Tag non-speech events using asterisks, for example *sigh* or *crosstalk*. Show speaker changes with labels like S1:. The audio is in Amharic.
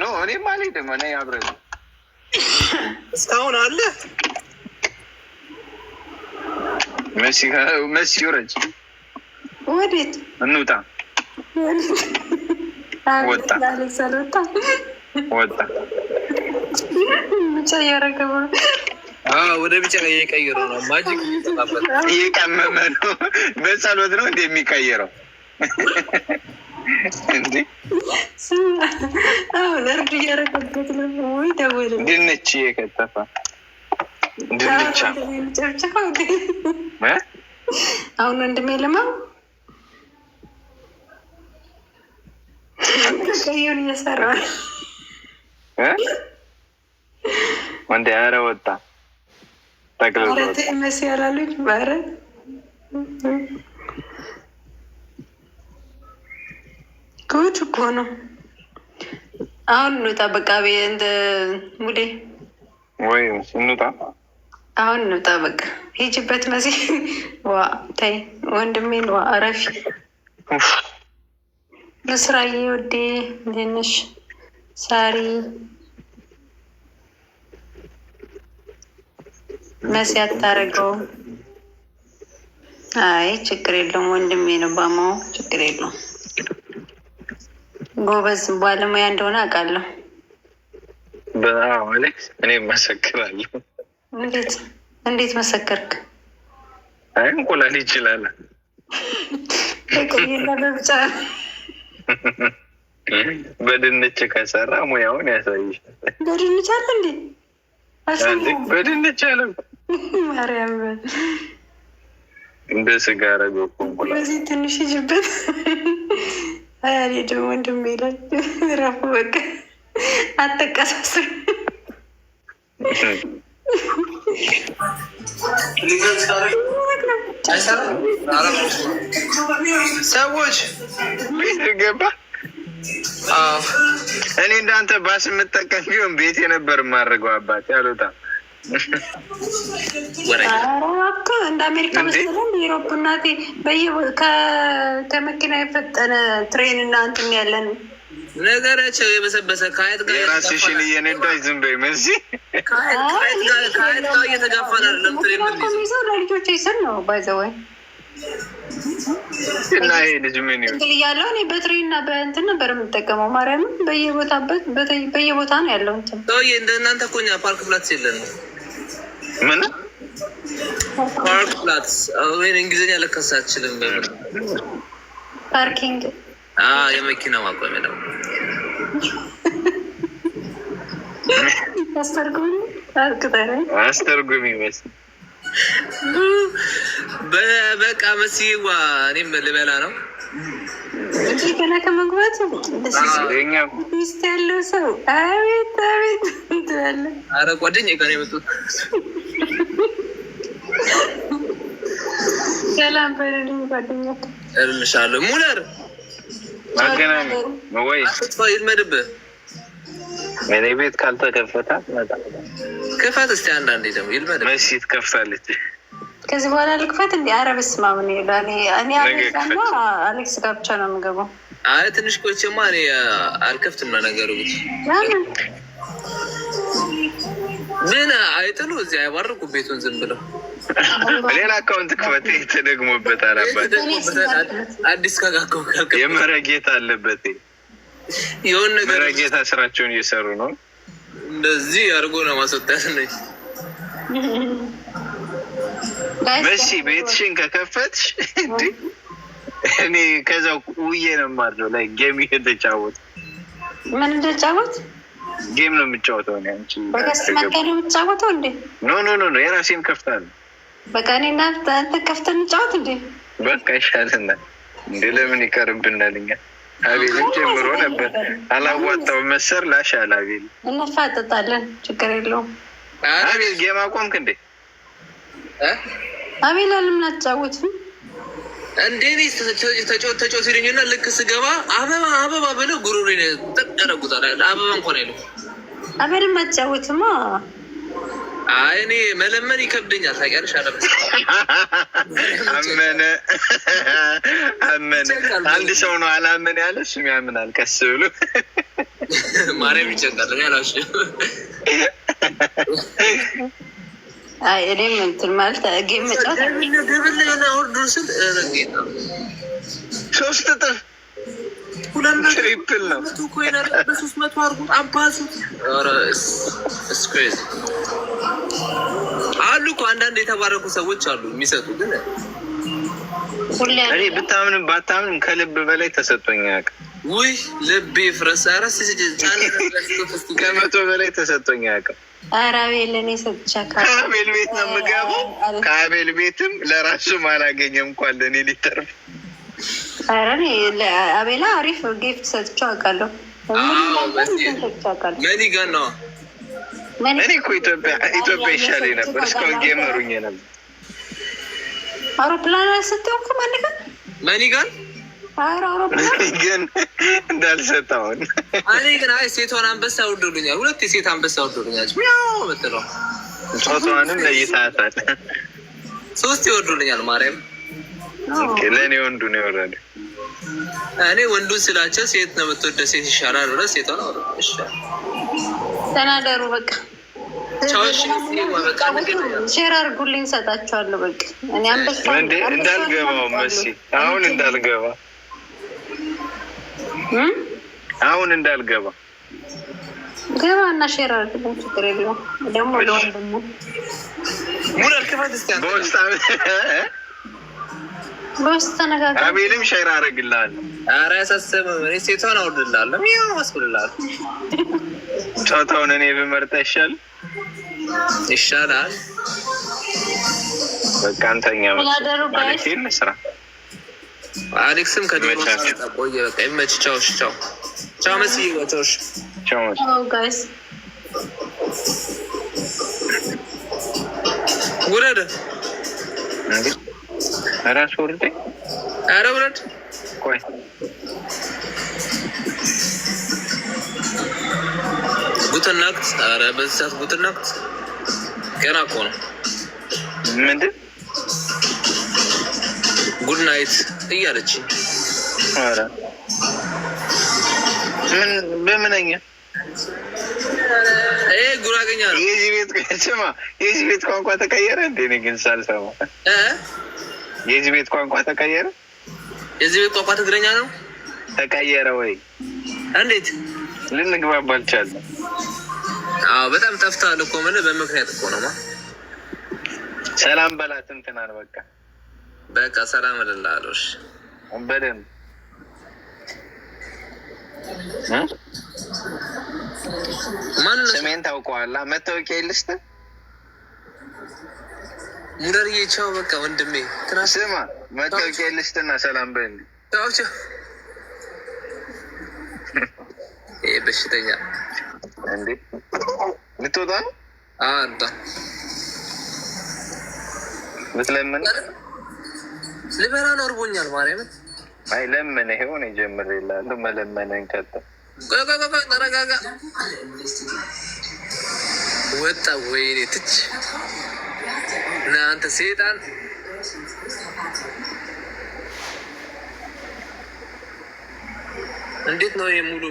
S1: ኖ እኔም አልሄድም። እኔ አብረን
S2: እስካሁን አለ
S3: መሲ ወረጅ ወዴት እንውጣ ወጣ ወጣ
S1: ብቻ እያረገበ
S2: ወደ ቢጫ እየቀየረው ነው። ማጂክ
S3: እየቀመመ ነው። በጸሎት ነው እንደሚቀየረው
S1: እርድ እያደረገበት ነበር ወይ ደወለ።
S3: ድንች የከተፈ
S1: አሁን ወንድሜ ልማ ቀዩን እየሰራ
S3: ወንድ ኧረ ወጣ ጠቅልሎ
S1: መስ ያላሉች ባረ ጉድ እኮ ነው። አሁን እንውጣ በቃ እንደ ሙዴ
S3: ወይ እንውጣ፣
S1: አሁን እንውጣ በቃ ሂጅበት። መሲ ዋ ተይ ወንድሜን ዋ አረፊ ስራዬ ወዴ ንሽ ሳሪ? መሲ አታረገውም። አይ ችግር የለውም ወንድሜ ነው ባማው ችግር የለውም። ጎበዝ ባለሙያ እንደሆነ አውቃለሁ።
S3: በአሌክስ እኔ መሰክራለሁ።
S1: እንዴት እንዴት መሰከርክ?
S3: አይ እንቁላል ይችላል።
S1: በቀይና በብጫ
S3: በድንች ከሰራ ሙያውን ያሳይሻል።
S1: በድንች አለ እንዴ?
S3: በድንች አለ ማርያም እንደ ስጋ ረገ
S1: እንቁላል በዚህ ትንሽ ይጅበት አያሌ ደግሞ ወንድም ይላል። *laughs* ራፉ በቃ
S2: ሰዎች ቤት ገባ። እኔ እንዳንተ ባስ የምጠቀም ቢሆን ቤት የነበር ማድረገው አባት ያሉታል
S1: እኮ እንደ አሜሪካ መሰለን ዩሮፕ እናቴ ከመኪና የፈጠነ ትሬን እና እንትን ያለን
S2: ነገራቸው የበሰበሰ ከአየት
S3: ጋር የራስሽን እየነዳሽ ዝም በይ መሲ። ከአየት ጋር እየተጋፋን አይደለም። ትሬን ይዘው ለልጆች ነው ባይዘወይ እና ይሄ ልጅ ምን እኔ በእንትን ነበር የምጠቀመው። ማርያምን በየቦታ በየቦታ ነው ያለው እንትን ሰውዬ እንደ እናንተ እኮ እኛ ፓርክ ፍላትስ የለን ነው ምን ፓርክ ፕላት ወይን እንግሊዝኛ ለከሳ አችልም። ፓርኪንግ የመኪና ማቆሚያ ነው። አስተርጉሚ በቃ መስዋ እኔም ልበላ ነው ገና ከመግባቱ ሚስት ያለው ሰው አቤት አቤት። ኧረ ጓደኛዬ ጋር የመጡት ሰላም በልልኝ ጓደኛ እልምሻለሁ። ሙለር ማገናኝ ወይ አጥፋ ይልመድብህ። እኔ ቤት ካልተከፈታ ክፈት እስቲ አንዳንዴ ደግሞ ይልመድብህ። መሲ ትከፍታለች። ከዚህ በኋላ ልክፈት እንዲ አረብ ስማም ነው እኔ አሌክሳና አሌክስ ጋር ብቻ ነው የምገባው። አይ ትንሽ ቆይቼማ እኔ አልከፍትም ነገሩ። ምን አይጥሉ እዚህ አይባርቁ ቤቱን ዝም ብለው ሌላ አካውንት ክፈት ተደግሞበት አላባት አዲስ የመረጌታ አለበት የሆን ነገር መረጌታ ስራቸውን እየሰሩ ነው። እንደዚህ አድርጎ ነው ማስወጣት ነች። መሲ ቤትሽን ከከፈትሽ እኔ ከዛ ውዬ ነው ማድረው ላይ ጌም እየተጫወት ምን እንደጫወት ጌም ነው የምጫወተው። ኔ በከስመታ ነው የምጫወተው እንዴ? ኖ ኖ ኖ ኖ የራሴን ከፍታለሁ። በቃ እኔ እና አንተ ከፍተን እንጫወት እንዴ? በቃ ይሻለናል እንዴ? ለምን ይቀርብናል? እኛ አቤልም ጀምሮ ነበር አላዋጣው መሰር ላሻል። አቤል እንፋጠጣለን፣ ችግር የለውም። አቤል ጌም አቆምክ እንዴ? አቤል አለምን አትጫወትም እንዴኔ ተጫወት ተጫወት ይሉኝና ልክ ስገባ አበባ አበባ ብለው ጉሮሬ ጠቅ ያደርጉታል። አበባ እንኳን አይልም። አፈር አጫወትማ። አይ እኔ መለመን ይከብደኛል ታውቂያለሽ። አመነ አመነ አንድ ሰው ነው አላመን ያለ ያለሽ ያምናል። ቀስ ብሎ ማርያም ይጨንቃል ያላሽ አይ እኔም እንትን ማለት ጌም መጫወት ገበል ላይ ሆነ አውርዱ ስል ሶስት እጥፍ አሉ እኮ አንዳንድ የተባረኩ ሰዎች አሉ የሚሰጡ ግን እኔ ብታምንም ባታምንም ከልብ በላይ ተሰጥቶኝ አያውቅም። ውይ ልቤ ፍረስ ከመቶ በላይ ተሰጥቶኝ አያውቅም። ከአቤል ቤት ነው የምገባው። ከአቤል ቤትም ለራሱም አላገኘም እንኳን ለእኔ ሊተርፍ አቤላ አሪፍ ጊፍት ሰጥቼ አውቃለሁ። መኒ ጋር ነው። እኔ እኮ ኢትዮጵያ ይሻለኝ ነበር። እስካሁን ጌመሩኝ ነበር። አውሮፕላን መኒ ጋር መኒ ጋር ግን እንዳልሰጠውን እኔ ግን አይ ሴቷን አንበሳ ወዶልኛል። ሁለት የሴት አንበሳ ወዶልኛል። ያው ምትለው ለይታታል። ሶስት ይወዱልኛል ማርያም ለእኔ ወንዱ ነው የወረደ። እኔ ወንዱን ስላቸው ሴት ነው የምትወደ ሴት ይሻላል ብለህ ሴቷ ነው ተናገሩ። በቃ ሼር አድርጉልኝ፣ ሰጣችኋለሁ። በቃ እኔ አንበሳ እንዳልገባው መሲ አሁን እንዳልገባ አሁን እንዳልገባ ገባ እና ሼር አድርግልኝ። ችግር የለውም ደግሞ ለወንድሙ ሙሉ ክፋት ስ አሜንም ሸር አረግላል። አረ አያሳስብም። እኔ ሴቷን አውርድልሃለሁ። ሚ አስብልሃለሁ። ጾታውን እኔ ብመርጥ ይሻል ይሻላል። በቃ አንተኛ ማለቴን ስራ አሌክስም ከድሮ ቆየ። በቃ ይመች። ቻው ቻው ቻው መስ ወተሽ ቻው ጋይስ ውረደ ራሱ ወርዴ አረ ውረድ። ቆይ ጉትን አረ በዚህ ሰዓት ጉትን ገና እኮ ነው። ምንድን ጉድ ናይት እያለች አረ ምን በምንኛ ጉራገኛ ነው የዚህ ቤት ቋንቋ ተቀየረ እንዴ? ግን ሳልሰማ የዚህ ቤት ቋንቋ ተቀየረ። የዚህ ቤት ቋንቋ ትግረኛ ነው። ተቀየረ ወይ? እንዴት ልንግባባ አልቻለም? አዎ በጣም ጠፍተሃል እኮ ምን በምክንያት እኮ ነው። ሰላም በላት እንትናን በቃ በቃ ሰላም እልልሃለሁ። በደንብ ማን ስሜን ታውቀዋላ? መታወቂያ የለሽም ሙረርዬ ቻው፣ በቃ ወንድሜ ስማ፣ መታወቂያ ልስጥና ሰላም በል። ቻው ቻው። ይሄ በሽተኛ እንዴ! ልትወጣ ነው? አዳ ምትለምን ልበላ ነው፣ እርቦኛል። ማርያምን አይ ለምን ይሄውን ጀምር ይላሉ። መለመነን ከተ ተረጋጋ። ወጣ ወይኔ ትች እናንተ ሴጣን እንዴት ነው የሙሉ